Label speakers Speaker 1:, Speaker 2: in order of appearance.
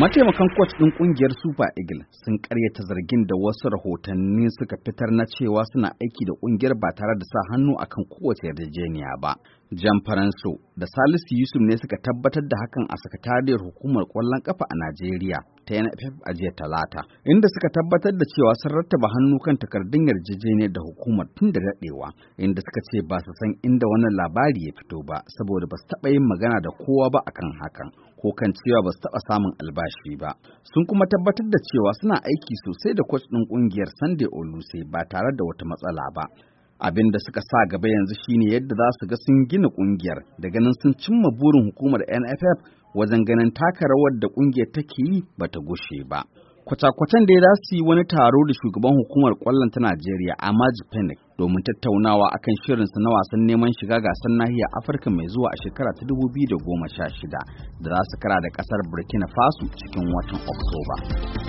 Speaker 1: Mataimakan kwas ɗin ƙungiyar Super Eagle sun ƙaryata zargin da wasu rahotanni suka fitar na cewa suna aiki da ƙungiyar ba tare da sa hannu akan kowace yarjejeniya ba. Jan Faranso da Salisu Yusuf ne suka tabbatar da hakan a sakatariyar hukumar ƙwallon ƙafa a Najeriya ta NFF a jiya Talata, inda suka tabbatar da cewa sun rattaba hannu kan takardun yarjejeniyar da hukumar tun da daɗewa, inda suka ce ba su san inda wannan labari ya fito ba saboda ba su taɓa yin magana da kowa ba akan hakan. ko kan cewa ba su taɓa samun albashi ba. Sun kuma tabbatar da cewa suna aiki sosai da kwas ɗin ƙungiyar Sunday Oluse ba tare da wata matsala ba. Abin da suka sa gaba yanzu shine yadda za su ga sun gina ƙungiyar da ganin sun cimma burin hukumar NFF wajen ganin taka rawar da ƙungiyar take yi ba ta gushe ba. Kwace-kwacen da ya za su yi wani taro da shugaban hukumar ƙwallon ta Najeriya Amaji Penic domin tattaunawa akan shirinsa na wasan neman shiga gasar nahiyar Afirka mai zuwa a shekara ta 2016 da za su kara da kasar Burkina Faso cikin watan Oktoba.